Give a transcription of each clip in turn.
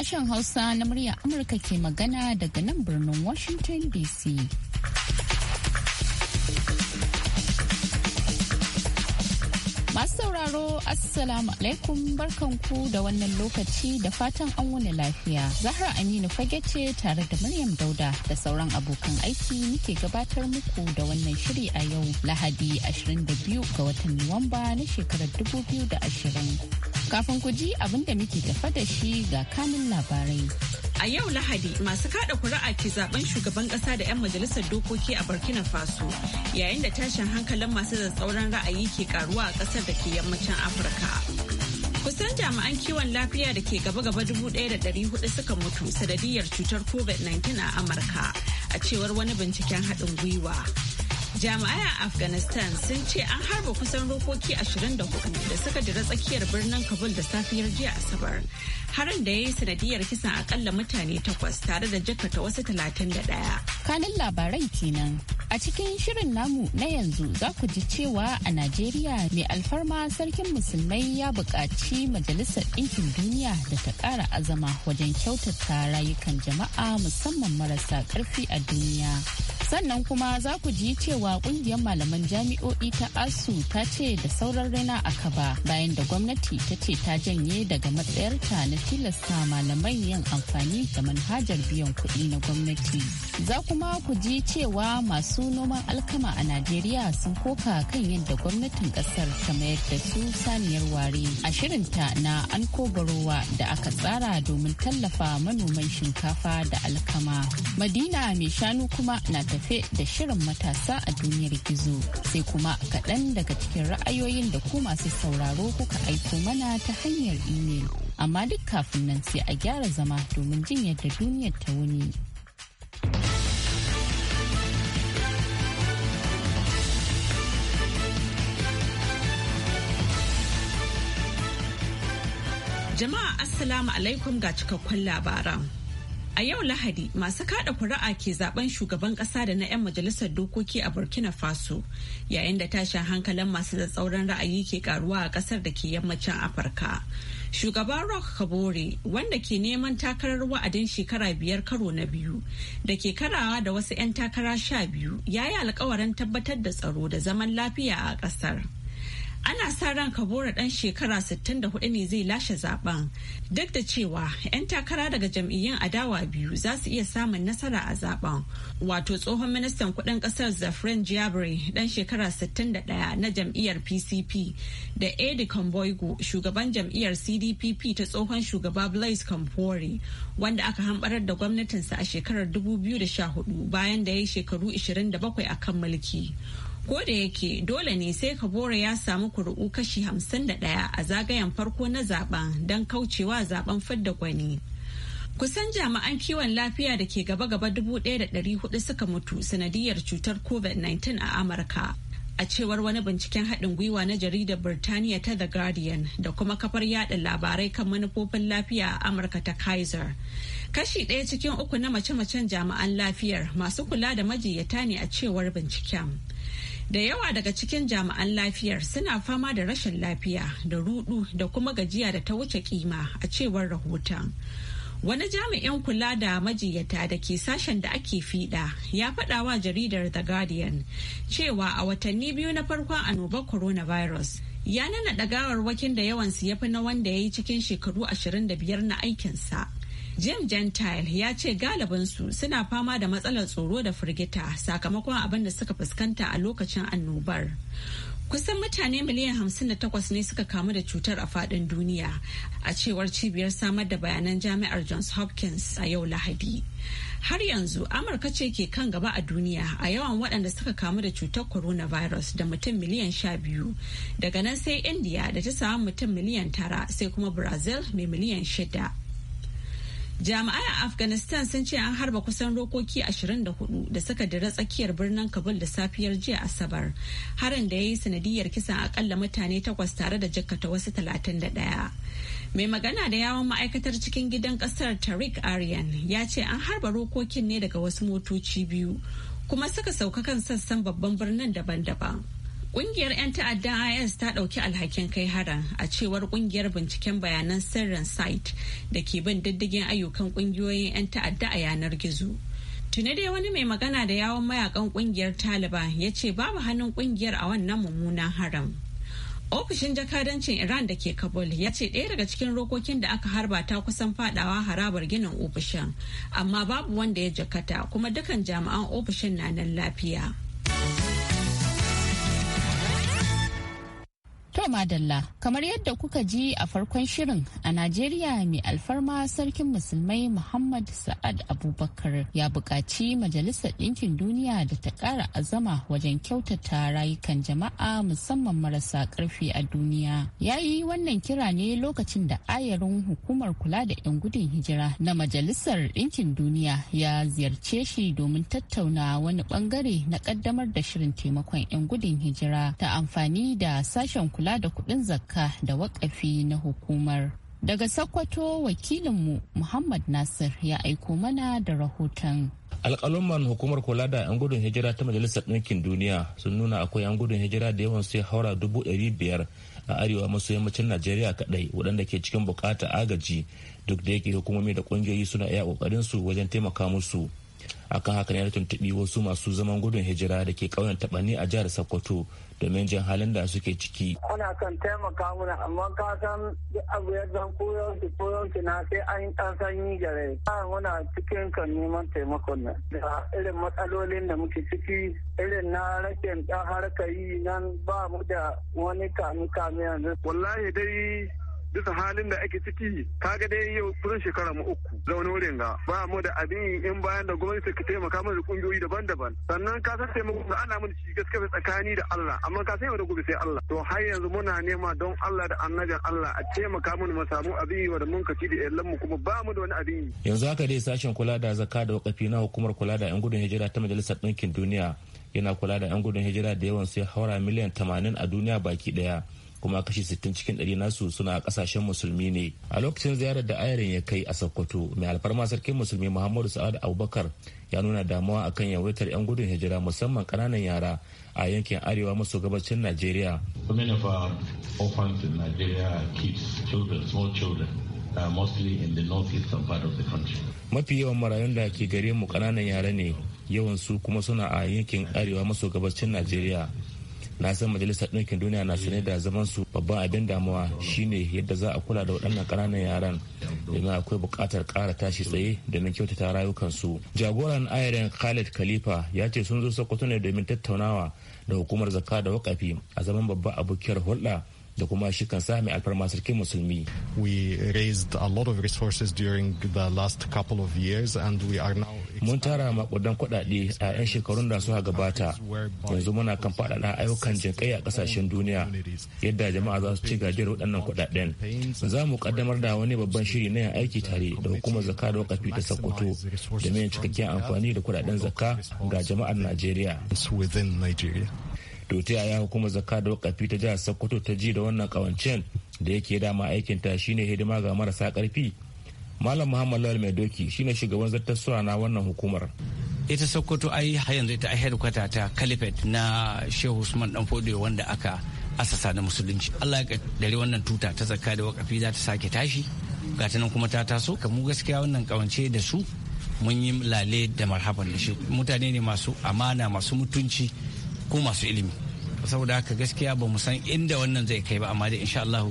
Sashen Hausa na murya Amurka ke magana daga nan birnin Washington DC. Masu sauraro Assalamu alaikum barkanku da wannan lokaci da fatan an wani lafiya. Zahra Aminu fage ce tare da Maryam Dauda da sauran abokan aiki muke gabatar muku da wannan shiri a yau Lahadi 22 ga watan Nuwamba na shekarar 2020. Kafin ku ji abin da muke tafa da shi ga kanin labarai. A yau Lahadi masu kada kuri'a ke zaben shugaban kasa da 'yan majalisar dokoki a Burkina Faso yayin da tashin hankalin masu tsauran ra'ayi ke karuwa a kasar da ke yammacin Afirka. Kusan jami'an kiwon lafiya da ke gaba-gaba dubu da hudu suka mutu sanadiyar cutar COVID-19 a Amurka a cewar wani binciken haɗin gwiwa. Jami'ai a Afghanistan sun ce an harba kusan rokoki 24 da suka jira tsakiyar birnin Kabul da safiyar jiya Asabar. Harin da ya yi sanadiyar kisan akalla mutane takwas tare da jakata wasu 31. Kanin labarai kenan. A cikin shirin namu na yanzu za ku ji cewa a Najeriya mai alfarma sarkin musulmai ya buƙaci Majalisar Ɗinkin Duniya da ta ƙara azama wajen kyautata rayukan jama'a musamman marasa ƙarfi a duniya. Sannan kuma za ku ji cewa cewa kungiyar malaman jami'o'i ta asu ta ce da sauran raina a kaba bayan da gwamnati ta ce ta janye daga matsayarta na tilasta malamai yin amfani da manhajar biyan kuɗi na gwamnati za kuma ku ji cewa masu noman alkama a najeriya sun koka kan yadda gwamnatin ƙasar ta mayar da su saniyar ware a shirinta na an kogarowa da aka tsara domin tallafa manoman shinkafa da alkama madina mai shanu kuma na tafe da shirin matasa a duniyar gizo sai kuma kaɗan daga cikin ra'ayoyin da ku masu sauraro kuka aiko mana ta hanyar imel amma duk kafin nan sai a gyara zama domin jin yadda duniyar ta wuni. Jama'a Assalamu alaikum ga cikakkun labaran. A yau Lahadi masu kada kuri'a ke zaben shugaban kasa da na 'yan majalisar dokoki a Burkina Faso yayin da tashin hankalin masu tsatsauran ra'ayi ke karuwa a kasar da ke yammacin Afirka. Shugaban Rock Kabore wanda ke neman takarar wa'adin shekara biyar karo na biyu da ke karawa da wasu 'yan takara sha biyu ya yi alkawarin tabbatar da tsaro da zaman lafiya a kasar. ana sa ran kabora dan shekara 64 ne zai lashe zaben duk da cewa 'yan takara daga jam'iyyun adawa biyu za su iya samun nasara a zaben wato tsohon ministan kudin kasar zafran jiabri dan shekara 61 na jam'iyyar pcp da edi kamboigo shugaban jam'iyyar cdpp ta tsohon shugaba blaise kamfori wanda aka hambarar da gwamnatinsa a shekarar 2014 bayan da ya yi shekaru 27 a kan mulki Ko da yake dole ne sai kabora ya samu kuri'u kashi hamsin da 51 a zagayen farko na zaben don kaucewa zaben fidda gwani. Kusan jami'an kiwon lafiya da ke gaba-gaba 1,400 suka mutu sanadiyar cutar COVID-19 a Amurka. A cewar wani binciken haɗin gwiwa na jaridar Birtaniya ta The Guardian da kuma kafar yada labarai kan manufofin lafiya a Amurka ta Kaiser. Kashi ɗaya cikin uku na mace-macen jami'an lafiyar masu kula da majiyata ne a cewar binciken. Da yawa daga cikin jami'an lafiyar suna fama da rashin lafiya da rudu da kuma gajiya da ta wuce kima a cewar rahoton. Wani jami'in kula da majiyata da ke sashen da ake fiɗa ya faɗa wa jaridar The Guardian cewa a watanni biyu na farkon annobar coronavirus ya nana ɗagawar wakin da yawansu ya fi na wanda ya yi cikin shekaru 25 na aikinsa. Jim Gentile ya ce galibinsu suna fama da matsalar tsoro da firgita sakamakon abin da suka fuskanta a lokacin annobar. Kusan mutane miliyan hamsin da takwas ne suka kamu da cutar a fadin duniya a cewar cibiyar samar da bayanan jami'ar Johns Hopkins a yau Lahadi. Har yanzu Amurka ce ke kan gaba a duniya a yawan waɗanda suka kamu da cutar coronavirus da mutum miliyan sha biyu, Daga nan sai India da ta samu mutum miliyan tara sai kuma Brazil mai miliyan shida. jami'ai a afghanistan sun ce an harba kusan rokoki 24 da suka dira tsakiyar birnin kabul da safiyar jiya asabar harin da ya yi sanadiyar kisan akalla mutane takwas tare da jakkata wasu 31 mai magana da yawon ma'aikatar cikin gidan kasar tariq aryan ya ce an harba rokokin ne daga wasu motoci biyu kuma suka sauka kan sassan babban birnin daban-daban Ƙungiyar 'yan ta'addan IS ta ɗauki alhakin kai haram a cewar ƙungiyar binciken bayanan sirrin site da ke bin diddigin ayyukan ƙungiyoyin 'yan ta'adda a yanar gizo. Tuna dai wani mai magana da yawon mayakan ƙungiyar Taliban ya ce babu hannun ƙungiyar a wannan mummunan haram. Ofishin jakadancin Iran da ke Kabul ya ce ɗaya daga cikin rokokin da aka harba ta kusan fadawa harabar ginin ofishin, amma babu wanda ya jakata kuma dukan jami'an ofishin na nan lafiya. To Madalla, kamar yadda kuka ji a farkon shirin a Najeriya mai alfarma sarkin musulmai Muhammad Sa'ad Abubakar ya buƙaci Majalisar Ɗinkin Duniya da ta ƙara azama wajen kyautata rayukan jama'a musamman marasa ƙarfi a duniya. Ya yi wannan kira ne lokacin da ayarin hukumar kula da 'yan gudun hijira na Majalisar Ɗinkin Duniya ya ziyarce shi domin tattauna wani ɓangare na ƙaddamar da shirin taimakon 'yan gudun hijira ta amfani da sashen kula da kuɗin zakka da wakafi na hukumar. Daga Sokoto wakilinmu Muhammad Nasir ya aiko mana da rahoton. alƙaluman hukumar kula da 'yan gudun hijira ta majalisar ɗinkin duniya sun nuna akwai 'yan gudun hijira da yawan sai haura dubu ɗari biyar a arewa maso yammacin najeriya kaɗai waɗanda ke cikin buƙatar agaji duk da yake hukumomi da ƙungiyoyi suna iya ƙoƙarin su wajen taimaka musu akan haka ne ya tuntuɓi wasu masu zaman gudun hijira da ke ƙauyen taɓani a jihar sokoto domin jin halin da suke ciki. Kuna kan taimaka mana amma ka san abu ya zan koyon ki na sai an ɗan sanyi gare. Kan muna cikin kan neman taimakon nan. Da irin matsalolin da muke ciki irin na rashin ɗan harkar yi nan ba mu da wani kami kami yanzu. Wallahi dai bisa halin da ake ciki kaga dai yau kusan shekara mu uku zaune wurin ga ba mu da abin in bayan da gwamnati ka taimaka mana da kungiyoyi daban-daban sannan ka san taimako da ana mun shi gaskiya tsakani da Allah amma ka san gobe sai Allah to har yanzu muna nema don Allah da annabin Allah a taimaka mana mu samu abin yi da mun kaci da yallan mu kuma ba mu da wani abin yanzu haka dai sashen kula da zakka da wakafi na hukumar kula da yan gudun hijira ta majalisar ɗinkin duniya yana kula da yan gudun hijira da yawan sai haura miliyan 80 a duniya baki daya kuma kashi 60 cikin ɗari nasu suna kasashen musulmi ne a lokacin ziyarar da ayarin ya kai a sokoto mai alfarma sarkin musulmi muhammadu sa'ad abubakar ya nuna damuwa akan yawaitar 'yan gudun hijira musamman kananan yara a yankin arewa maso gabacin najeriya mafi yawan marayun da ke gare mu kananan yara ne yawan su kuma suna a yankin arewa maso gabacin najeriya na san majalisar ɗinkin duniya na sane da zaman su babban abin damuwa shine yadda za a kula da waɗannan ƙananan yaran domin akwai buƙatar ƙara tashi tsaye domin kyautata rayukansu jagoran ayarin khalid khalifa ya ce sun zo sokoto ne domin tattaunawa da hukumar zakka da wakafi a zaman babban abokiyar hulɗa da kuma shi kansa mai alfarma sarkin musulmi. We raised a lot of resources during the last couple of years and we are now Mun tara makudan kuɗaɗe a 'yan shekarun da suka gabata yanzu muna kan faɗaɗa ayyukan jinƙai a kasashen duniya yadda jama'a za su ci gajiyar waɗannan kuɗaɗen. Za mu ƙaddamar da wani babban shiri na yin aiki tare da hukumar zakka da wakafi ta Sokoto da mai cikakken amfani da kuɗaɗen zakka ga jama'ar Najeriya. to ta yaya hukumar zakka da wakafi ta jihar sokoto ta ji da wannan kawancen da yake dama aikin ta shine hidima ga marasa karfi malam muhammad lawal mai doki shine shugaban zartaswa na wannan hukumar ita sokoto ai har yanzu ita headquarter ta kalifet na shehu usman dan fodo wanda aka asasa na musulunci allah ya dare wannan tuta ta zakka da wakafi za ta sake tashi gata nan kuma ta taso kamu gaskiya wannan kawance da su mun yi lale da marhaban da shi mutane ne masu amana masu mutunci ko masu ilimi saboda haka gaskiya ba mu san inda wannan zai kai ba amma dai insha Allah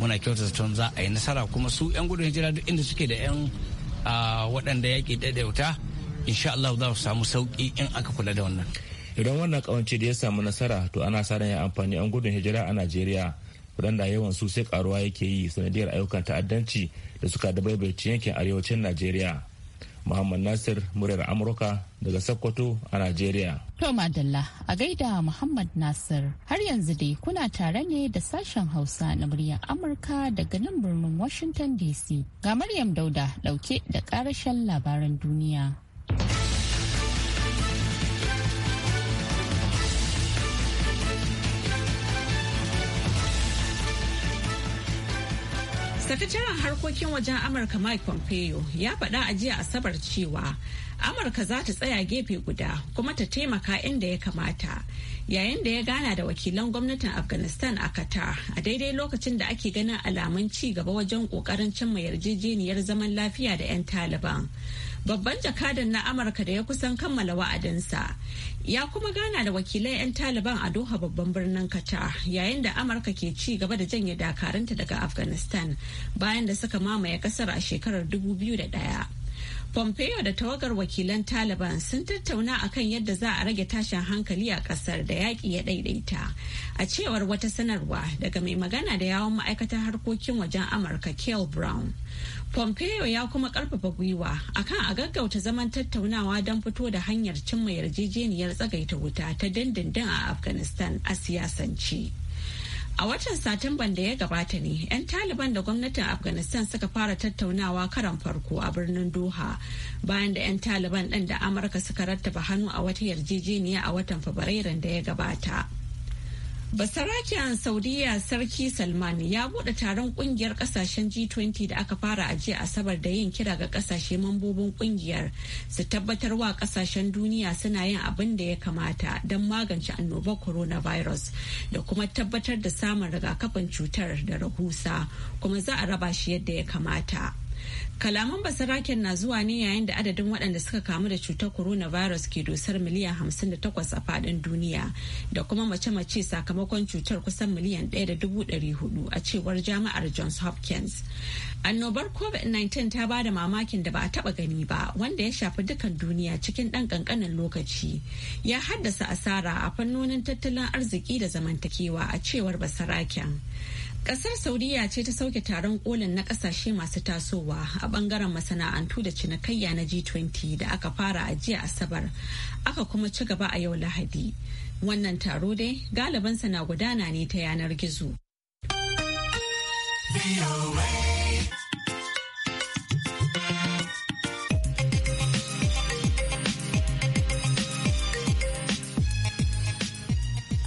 muna kyautata tun za a yi nasara kuma su yan gudun hijira duk inda suke da yan waɗanda yaƙi ɗaiɗauta insha Allah za su samu sauƙi in aka kula da wannan idan wannan kawance da ya samu nasara to ana sa ran amfani yan gudun hijira a Najeriya waɗanda yawan su sai karuwa yake yi sanadiyar ayyukan ta'addanci da suka dabaibaci yankin arewacin Najeriya Muhammad Nasir muryar Amurka daga Sokoto a Najeriya. To Madalla a gaida Muhammad Nasir har yanzu dai kuna tare ne da sashen Hausa na muryar Amurka daga nan birnin Washington DC. Ga Maryam Dauda dauke da karashen labaran duniya. Sakataren harkokin wajen Amurka Mike Pompeo ya faɗa a jiya Asabar cewa Amurka za ta tsaya gefe guda kuma ta taimaka inda ya kamata yayin da ya gana da wakilan gwamnatin Afghanistan a Qatar a daidai lokacin da ake ganin alamun ci gaba wajen ƙoƙarin cimma yarjejeniyar zaman lafiya da 'yan Taliban. babban jakadan na amurka da ya kusan kammala wa'adinsa ya kuma gana da wakilai 'yan taliban a doha babban birnin qatar yayin da amurka ke ci gaba da janye dakarunta daga afghanistan bayan da suka mamaye kasar a shekarar 2001 Pompeo da tawagar wakilan Taliban sun tattauna a kan yadda za a rage tashin hankali a kasar da yaƙi ya daidaita. A cewar wata sanarwa daga mai magana da yawon ma'aikatar harkokin wajen Amurka kale Brown. Pompeo ya kuma karfafa gwiwa akan a gaggauta zaman tattaunawa don fito da hanyar cimma yarjejeniyar tsagaita wuta ta dindindin a Afghanistan a siyasance. A watan Satumban da ya gabata ne, 'yan Taliban da gwamnatin Afghanistan suka fara tattaunawa karan farko a birnin Doha bayan da 'yan Taliban ɗin da Amurka suka rattaba hannu a wata yarjejeniya a watan Fabrairun da ya gabata. basarakiyar Saudiya Sarki Salman ya bude taron kungiyar kasashen G20 da aka fara a jiya Asabar da yin kira ga kasashe mambobin kungiyar su tabbatar wa kasashen duniya suna yin abin da ya kamata don magance annobar coronavirus da kuma tabbatar da samun rigakafin cutar da rahusa kuma za a raba shi yadda ya kamata. Kalaman basaraken na zuwa ne yayin da adadin waɗanda suka kamu da cutar coronavirus ke dosar miliyan 58 a fadin duniya da kuma mace-mace sakamakon cutar kusan miliyan 1.400 a cewar jami'ar Johns Hopkins. Annobar COVID-19 ta ba da mamakin da ba a taɓa gani ba wanda ya shafi dukan duniya cikin ɗan ƙanƙanin lokaci. Ya haddasa asara a fannonin tattalin arziki da zamantakewa a cewar basaraken. Kasar Saudiya ce ta sauke taron kolin na kasashe masu tasowa a bangaren masana'antu da cinikayya na G20 da aka fara a jiya Asabar, aka kuma ci gaba a yau Lahadi. Wannan taro dai galibansa na gudana ne ta yanar gizo.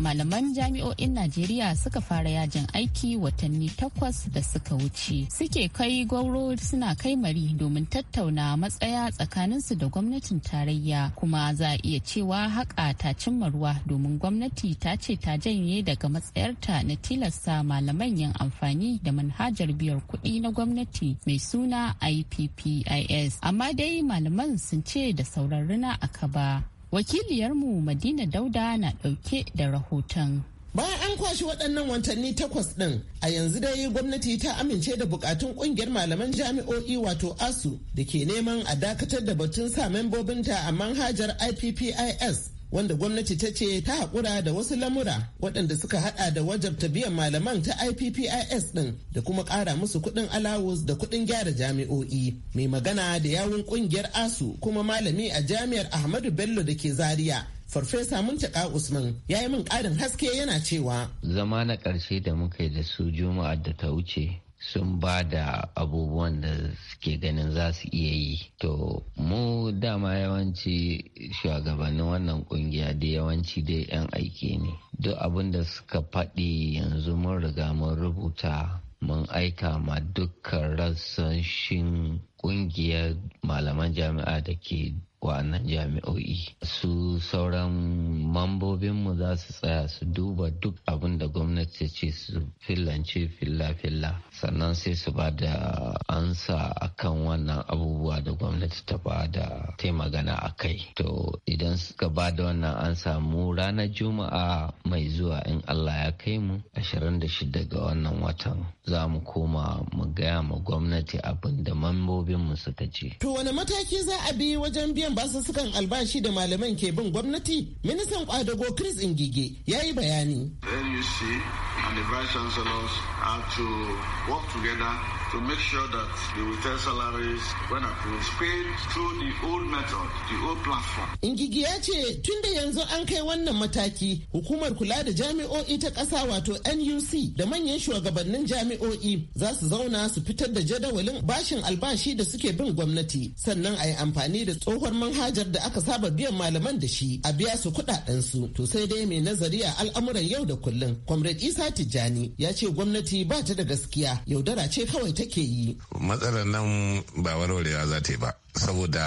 malaman jami'o'in Najeriya suka fara yajin aiki watanni takwas da suka wuce. Suke kai gwauro suna kai mari domin tattauna matsaya tsakaninsu da gwamnatin tarayya kuma za a iya cewa haƙa ta cimma ruwa domin gwamnati ta ce ta janye daga matsayarta na tilasta malaman yin amfani da manhajar biyar kuɗi na gwamnati mai suna IPPIS. Amma dai malaman sun ce da saurarruna aka ba. wakiliyarmu madina dauda na dauke da rahoton bayan an kwashi waɗannan watanni takwas ɗin a yanzu dai gwamnati ta amince da bukatun ƙungiyar malaman jami'o'i wato asu da ke neman a dakatar da batun sa membobinta a manhajar ippis wanda gwamnati ta ce ta haƙura da wasu lamura waɗanda suka haɗa da wajabta biyan malaman ta IPPIS ɗin da kuma ƙara musu kuɗin alawus da kuɗin gyara jami'o'i. Mai magana da yawun ƙungiyar ASU kuma malami a jami'ar Ahmadu Bello da ke Zaria. Farfesa Muntaka Usman ya yi min ƙarin haske yana cewa. Zama na ƙarshe da muka yi da su Juma'ar da ta wuce sun ba da abubuwan da suke ganin za su iya yi to mu dama yawanci shugabannin wannan kungiya da yawanci dai 'yan aiki ne duk abin da suka faɗi yanzu mun riga mun rubuta mun aika ma dukkan rassashin kungiyar malaman jami'a da ke wa'annan jami'o'i su sauran mambobinmu za su tsaya su duba duk abin da gwamnati ce su fillance filla-filla sannan sai su ba da ansa akan wannan abubuwa da gwamnati ta ba da ta magana a kai to idan suka ba da wannan ansa, mu ranar juma'a mai zuwa in allah ya kai mu 26 ga wannan watan za mu koma mu gaya ma gwamnati abin da mambobinmu suka ce to wani mataki za a bi wajen biyan biyan sukan albashi da malaman ke bin gwamnati ministan kwadago chris ingige ya yi bayani and the vice chancellors are to work together to make sure that the tell salaries when approved paid through the old method, the old platform. Ingigi ya ce tun da yanzu an kai wannan mataki hukumar kula da jami'o'i ta ƙasa wato NUC da manyan shugabannin jami'o'i za su zauna su fitar da jadawalin bashin albashi da suke bin gwamnati sannan a yi amfani da tsohuwar manhajar da aka saba biyan malaman da shi a biya su kuɗaɗensu to sai dai mai nazari a al'amuran yau da kullum. Comrade Isa Tijjani ya ce gwamnati ba ta da gaskiya yaudara ce kawai take yi matsalar nan ba warwarewa za ta yi ba saboda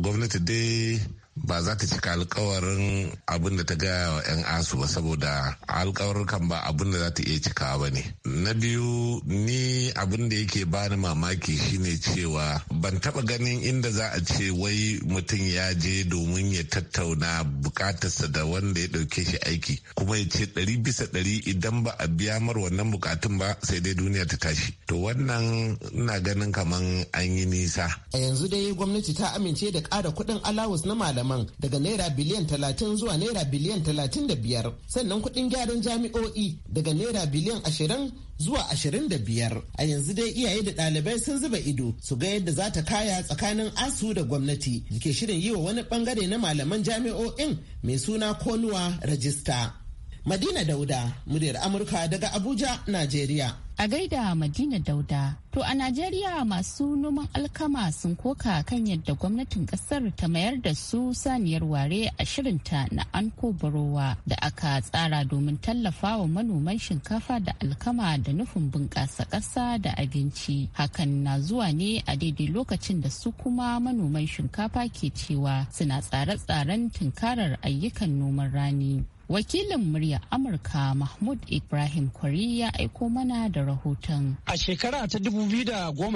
gwamnati dai ba za ta cika alkawarin abin da ta gaya wa 'yan asu ba saboda alkawarkan ba abin da za ta iya cika ba ne na biyu ni abin da yake bani mamaki shine cewa ban taba ganin inda za a ce wai mutum ya je domin ya tattauna bukatarsa da wanda ya dauke shi aiki kuma ya ce ɗari bisa ɗari idan ba a biya mar wannan bukatun ba sai dai duniya ta tashi to wannan ina ganin kaman an yi nisa a yanzu dai gwamnati ta amince da ƙara kuɗin alawus na malamai malaman daga naira biliyan talatin zuwa naira biliyan talatin da biyar sannan kuɗin gyaran jami'o'i daga naira biliyan ashirin zuwa ashirin da biyar a yanzu dai iyaye da ɗalibai sun zuba ido su ga yadda za ta kaya tsakanin asu da gwamnati da ke shirin yi wa wani bangare na malaman jami'o'in mai suna konuwa rajista Madina Dauda, muryar Amurka daga Abuja, Najeriya. A gaida Madina Dauda, to a Najeriya masu noman alkama sun koka kan yadda gwamnatin kasar ta mayar da su saniyar ware a shirinta na anko barowa da aka tsara domin tallafa wa manoman shinkafa da alkama da nufin bunƙasa ƙasa da abinci. Hakan na zuwa ne a daidai lokacin da su kuma manoman shinkafa ke cewa suna tsare-tsaren tunkarar ayyukan noman rani. wakilin murya amurka mahmud ibrahim kwari ya aiko mana da rahoton a shekara ta da goma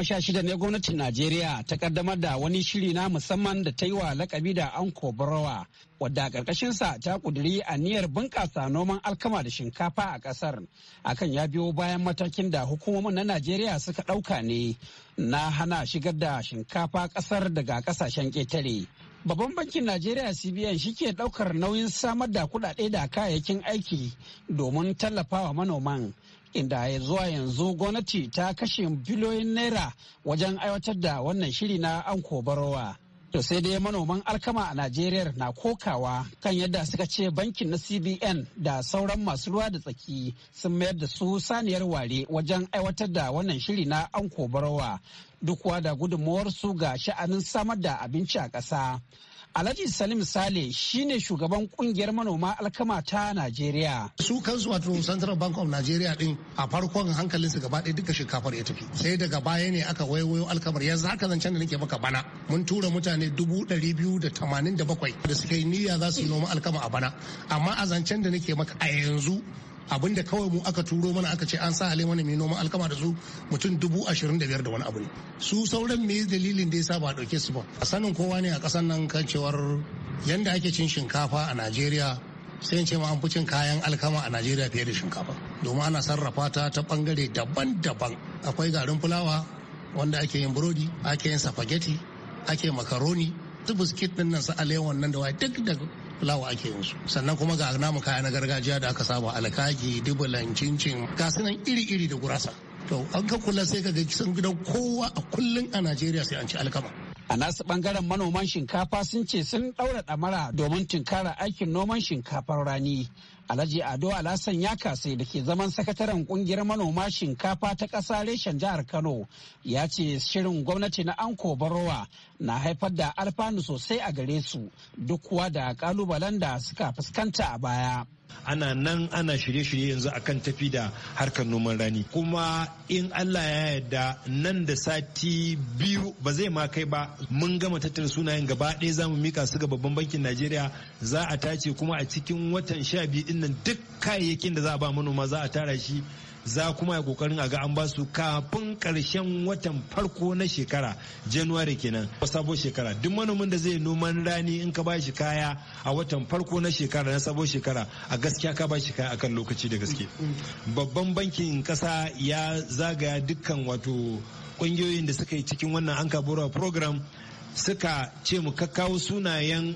2016 ne gwamnatin najeriya ta kaddamar da wani shiri na musamman da ta yi wa lakabi da anko kobrawa wadda a sa ta ƙudiri niyyar bunƙasa noman alkama da shinkafa a ƙasar akan ya biyo bayan matakin da hukumomin na najeriya suka ɗauka ne na hana shigar da shinkafa ƙasar daga ƙasashen ƙetare Babban bankin Najeriya CBN shi ke ɗaukar nauyin samar da kuɗaɗe da kayayyakin aiki domin tallafawa manoman. Inda ya zuwa yanzu gwamnati ta kashe biliyoyin naira wajen aiwatar da wannan shiri na an kobarowa. To sai dai manoman alkama a Najeriya na kokawa kan yadda suka ce bankin na CBN da sauran masu ruwa da tsaki sun mayar da su saniyar ware wajen aiwatar da wannan shiri na an kobarawa duk da gudunmuwar su ga sha'anin samar da abinci a ƙasa. Alhaji Salim Sale shine shugaban kungiyar manoma alkama ta Najeriya. Su kansu wato Central Bank of Nigeria din a farkon hankalinsu gaba ɗaya duka shinkafar ya tafi. Sai daga baya ne aka waiwayo alkamar yanzu haka zancen da nake maka bana. Mun tura mutane dubu ɗari biyu da tamanin da bakwai da suka yi niyya za su yi noma alkama a bana. Amma a zancen da nake maka a yanzu Abin da kawai mu aka turo mana aka ce an sa ale mana mai noma alkama da su mutum dubu ashirin da biyar da wani abu ne su sauran me dalilin da ya sa ba dauke su ba a sanin kowa ne a ƙasar nan kan cewar yanda ake cin shinkafa a najeriya sai ce ma an fi cin kayan alkama a najeriya fiye da shinkafa domin ana sarrafa ta ta bangare daban-daban akwai garin fulawa wanda ake yin burodi ake yin spaghetti ake makaroni ta biskit din nan su alewan nan da waye duk da fulawa ake yin su sannan kuma ga namu kaya na gargajiya da aka saba alkaki dubulan cincin ga sunan iri-iri da gurasa to an ka kula sai ka ga sun gidan kowa a kullun a najeriya sai an ci alkama a nasu bangaren manoman shinkafa sun ce sun daura damara domin tunkara aikin noman shinkafar rani Alhaji Ado Alasan ya kasai da ke zaman sakataren kungiyar manoma shinkafa ta ƙasa reshen jihar Kano ya ce shirin gwamnati na Anko Barowa na haifar da alfanu sosai a gare su duk kuwa da kalubalen da suka fuskanta a baya. ana nan ana shirye-shirye yanzu akan tafi da harkar noman rani kuma in allah ya yarda nan da sati biyu ba zai ma kai ba mun gama tattara sunayen gaba ɗaya za mu mika su ga babban bankin najeriya za a tace kuma a cikin watan sha biyu ɗin duk kayayyakin da za a ba manoma za a tara shi za kuma ya kokarin a ga an basu kafin karshen watan farko na shekara january kenan A sabo shekara duk manomin da zai noman rani in ka ba shi kaya a watan farko na shekara na sabo shekara a gaskiya ka ba shi kaya akan lokaci da gaske babban bankin kasa ya zagaya dukkan wato kungiyoyin da suka yi cikin wannan an program suka ce mu kakkawo sunayen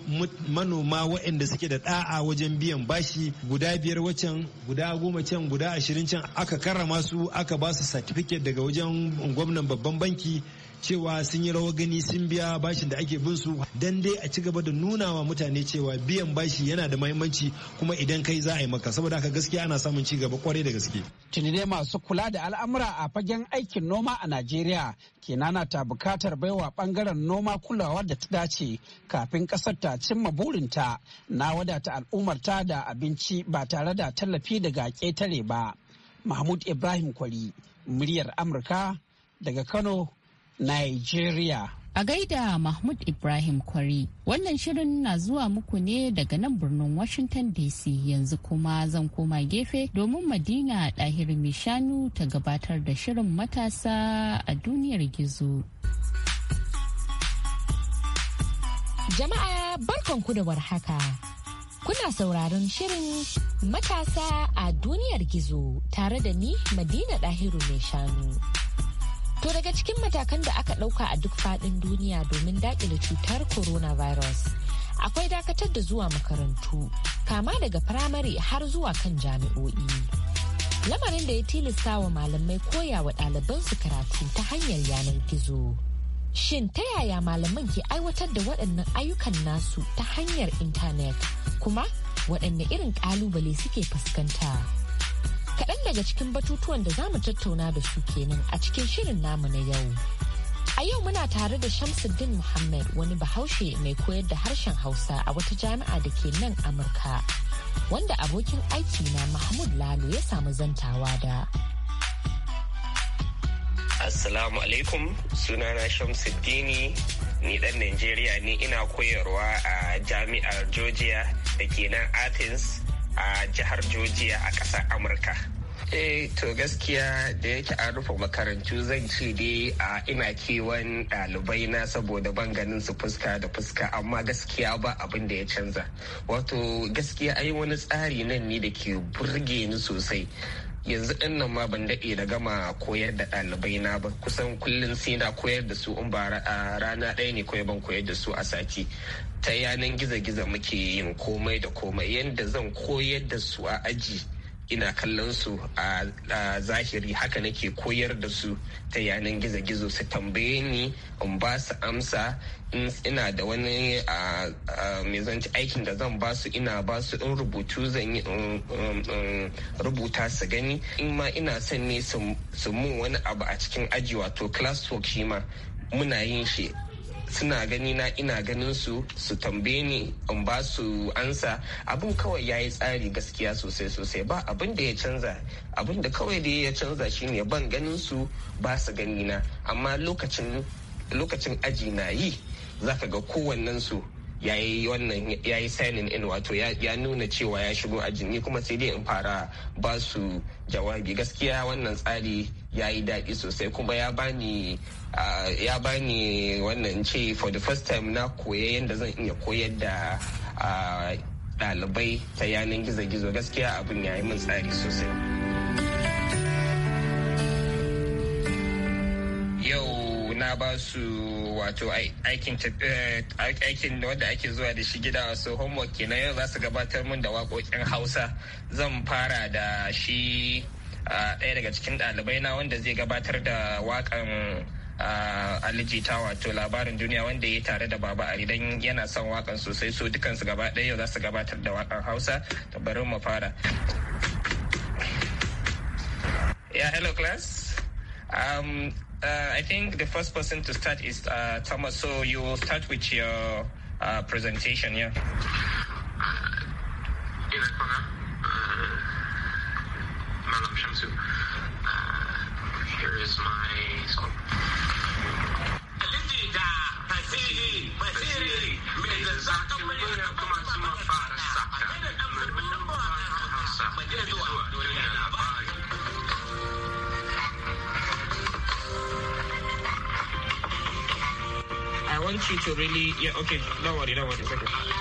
manoma waɗanda suke da da'a wajen biyan bashi guda biyar wacan guda goma can guda ashirin can aka karrama su aka ba su certificate daga wajen gwamnan babban banki cewa sun yi rawa gani sun biya bashin da ake bin su dan dai a ci gaba da nuna wa mutane cewa biyan bashi yana da mahimmanci kuma idan kai za a yi maka saboda haka gaskiya ana samun ci gaba kwarai da gaske. Tuni dai masu kula da al'amura a fagen aikin noma a Najeriya ke nana ta bukatar baiwa bangaren noma kulawar da ta dace kafin kasar ta cimma burinta na wadata ta da abinci ba tare da tallafi daga ketare ba. Mahmud Ibrahim Kwari, muryar Amurka daga Kano, Nigeria. A gaida Mahmud Ibrahim Kwari, wannan shirin na zuwa muku ne daga nan birnin Washington DC yanzu kuma zan koma gefe domin Madina ɗahir Mishanu ta gabatar da shirin matasa a duniyar gizo. Jama'a barkanku da warhaka. Kuna sauraron shirin matasa a duniyar gizo tare da ni Madina ɗahiru mai shanu. To daga cikin matakan da aka ɗauka a duk faɗin duniya domin daƙile cutar coronavirus. Akwai dakatar da zuwa makarantu, kama daga firamare har zuwa kan jami'o'i. Lamarin da ya tilasta wa malamai koya wa ɗaliban su karatu ta hanyar yanar gizo. Shin ta yaya malaman ke aiwatar da waɗannan ayyukan nasu ta hanyar intanet? Kuma waɗanne irin ƙalubale suke fuskanta? kaɗan daga cikin batutuwan da za mu tattauna da su kenan a cikin shirin namu na yau. A yau muna tare da Shamsuddin Muhammad wani bahaushe mai koyar da harshen Hausa a wata jami'a da ke nan Amurka, wanda abokin aiki na Mahmud Lalo ya samu zantawa da. Assalamu alaikum sunana Shamsuddini ni dan Najeriya ne ina koyarwa a jami'ar Georgia da ke nan Athens a jihar Georgia a ƙasar Amurka. Eh to gaskiya da yake an rufe makarantu zan ce dai a ina kewan ɗalibai na saboda ban ganin su fuska da fuska amma gaskiya ba abin da ya canza. Wato gaskiya ai wani tsari nan ne da ke burge ni sosai. yanzu din nan ma ban daɗe da gama koyar da ɗalibai na ba kusan kullum sai na koyar da su in ba rana ɗaya ne koyar ban koyar da su a sati ta yanan gizo-gizo muke yin komai da komai yadda zan koyar da su a aji ina kallon su a zahiri haka nake koyar da su ta yanan gizo-gizo su tambaye ni in ba su amsa in ina da wani mai zanci aikin da zan ba su ina ba su in rubutu zan yi rubuta su gani in ma ina son ne su mun wani abu a cikin aji wato work shi ma muna yin shi suna gani na ina ganin su su tambaye ni in ba su ansa abin kawai ya yi tsari gaskiya sosai sosai ba abin da ya canza abin da kawai da ya canza shine ban ganin su ba su gani na amma lokacin aji na yi zaka ga kowannen su ya yi wannan ya yi in wato ya nuna cewa ya shigo ajin ni kuma sai dai in fara ba su jawabi gaskiya wannan tsari ya yi daɗi sosai kuma ya bani ya bani wannan ce for the first time na koya yadda zan iya koyar da ɗalibai ta yanar gizo-gizo gaskiya abin ya yi min tsari sosai yau na ba su wato eh, aikin wanda ake zuwa da shi gida wasu homework kenan yau za su gabatar min da waƙoƙin hausa zan fara da shi ɗaya daga cikin ɗalibai na wanda zai gabatar da waƙan alijita wato labarin duniya wanda ya tare da baba ali dan yana son wakan sosai so dukansu gaba ɗaya yau za su gabatar da waƙan hausa bari mu fara yeah hello class um, uh, i think the first person to start is uh, thomas so you will start with your uh, presentation yeah is my I want you to really, yeah, okay, don't worry, don't worry, okay.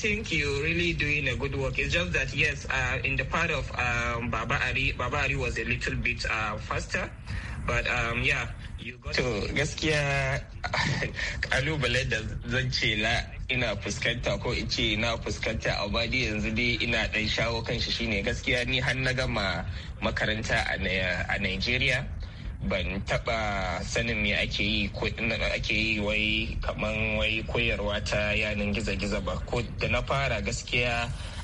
think you're really doing a good work. It's just that, yes, uh, in the part of um, Baba Ari, Baba Ari was a little bit uh, faster. But um, yeah, you got to... gaskiya kalubale da zan ce na ina fuskanta ko in ce na fuskanta a badi yanzu dai ina dan shawo kan shi shine gaskiya ni har na gama makaranta a Nigeria. ban taba sanin me ake yi ake yi wai kaman wai koyarwa ta yanin gizo-gizo ba ko da na fara gaskiya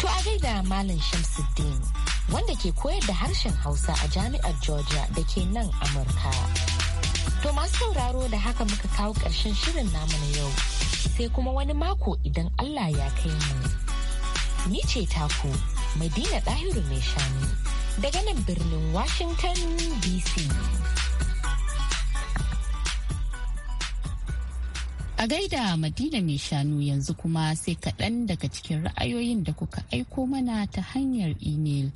To a gaida Malam Shamsuddin wanda ke koyar da harshen Hausa a jami'ar Georgia da ke nan Amurka. To masu sauraro da haka muka kawo ƙarshen shirin namu na yau sai kuma wani mako idan Allah ya kai mu. Ni ce taku Madina Ɗahiru mai shanu daga nan birnin Washington DC. A gaida Madina mai shanu yanzu kuma sai kaɗan daga cikin ra'ayoyin da kuka aiko mana ta hanyar imel.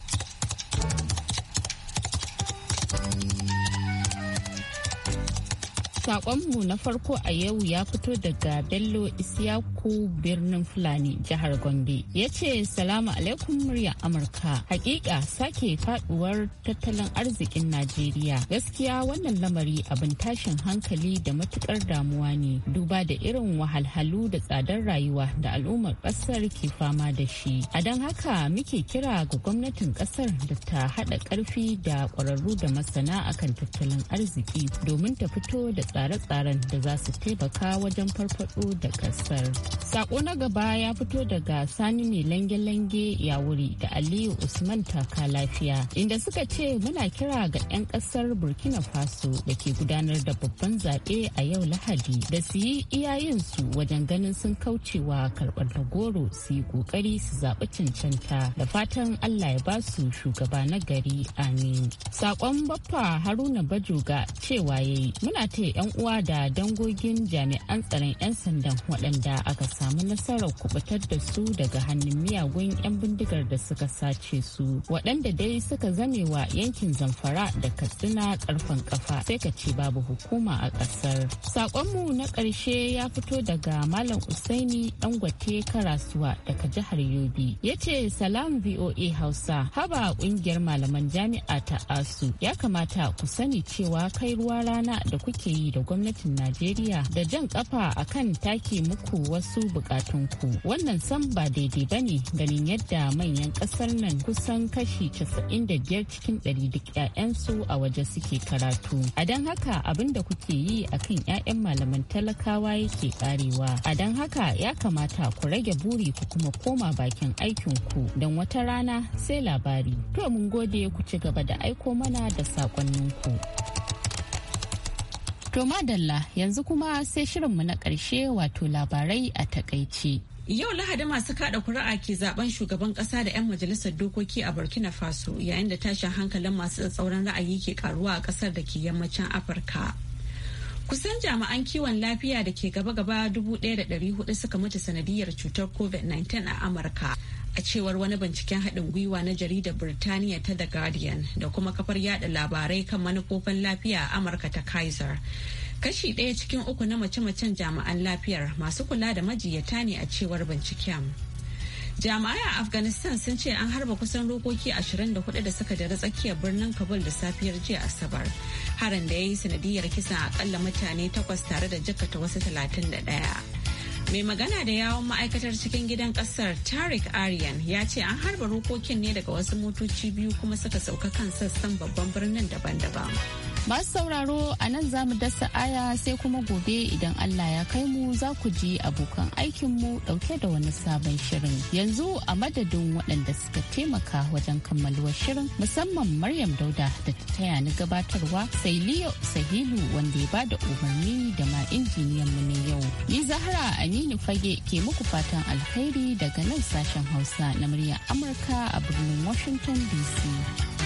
Sakonmu na farko a yau ya fito daga Bello Isiyaku birnin Fulani jihar Gombe. Ya ce salamu alaikum murya Amurka. Hakika sake faduwar tattalin arzikin Najeriya. Gaskiya wannan lamari abin tashin hankali da matukar damuwa ne. Duba da irin wahalhalu da tsadar rayuwa da al'ummar kasar ke fama da shi. A don haka muke kira ga gwamnatin kasar da ta haɗa ƙarfi da ƙwararru da masana akan tattalin arziki domin ta fito da tsare-tsaren da za su taimaka wajen farfado da kasar. Sako na gaba ya fito daga Sani mai lange-lange ya wuri da Aliyu Usman taka lafiya inda suka ce muna kira ga 'yan kasar Burkina Faso da ke gudanar da babban zaɓe a yau Lahadi da su yi iyayensu wajen ganin sun kaucewa karɓar da goro su yi ƙoƙari su zaɓi cancanta da fatan Allah ya ba su shugaba na gari amin. Sakon baffa Haruna Bajoga cewa yayi muna ta 'yan uwa da dangogin jami'an tsaron 'yan sandan waɗanda aka samu nasarar kubutar da su daga hannun miyagun 'yan bindigar da suka sace su waɗanda dai suka zame wa yankin zamfara da katsina karfan kafa sai ka ce babu hukuma a ƙasar saƙonmu na ƙarshe ya fito daga malam usaini dangote karasuwa daga jihar yobe ya ce salam voa hausa haba ƙungiyar malaman jami'a ta asu ya kamata ku sani cewa kai ruwa rana da kuke yi da gwamnatin Najeriya da jan kafa akan take muku wasu bukatunku. Wannan san ba daidai ba ne ganin yadda manyan kasar nan kusan kashi 95 cikin 100 duk 'ya'yansu a waje suke karatu. A don haka abin da kuke yi a kan 'ya'yan malaman talakawa yake karewa. A don haka ya kamata ku rage buri ku kuma koma bakin aikin ku don wata rana sai labari. To mun gode ku ci gaba da aiko mana da ku To madalla yanzu kuma sai shirin mu na ƙarshe wato labarai a takaice. Yau Lahadi masu kada kuri'a ke zaben shugaban kasa da 'yan majalisar dokoki a Burkina Faso yayin da tashin hankalin masu tsauran ra'ayi ke karuwa a kasar da ke yammacin Afirka. Kusan jami'an kiwon lafiya da ke gaba-gaba 1,400 suka mutu sanadiyar cutar COVID-19 a Amurka. a cewar wani binciken haɗin gwiwa na jaridar Birtaniya ta The Guardian da kuma kafar yada labarai kan manufofin lafiya a Amurka ta Kaiser. Kashi ɗaya cikin uku na mace-macen jami'an lafiyar masu kula da majiyata ne a cewar binciken. Jami'ai a Afghanistan sun ce an harba kusan rokoki 24 da suka dare tsakiyar birnin Kabul da safiyar jiya Asabar. Harin da ya yi sanadiyar kisan akalla mutane takwas tare da jikata wasu 31. mai magana da yawon ma'aikatar cikin gidan kasar tarik aryan ya ce an harba rokokin ne daga wasu motoci biyu kuma suka sauka kan sassan babban birnin daban-daban Masu sauraro a nan za mu dasa aya sai kuma gobe idan Allah ya kai mu za ku ji abokan aikinmu dauke da wani sabon shirin. Yanzu a madadin waɗanda suka taimaka wajen kammaluwar shirin musamman Maryam Dauda da ta taya ni gabatarwa sai Liyo Sahilu wanda ya bada umarni da ma injiniyan mu ne yau. Ni Zahra Aminu Fage ke muku fatan alheri daga nan sashen Hausa na muryar Amurka a birnin Washington DC.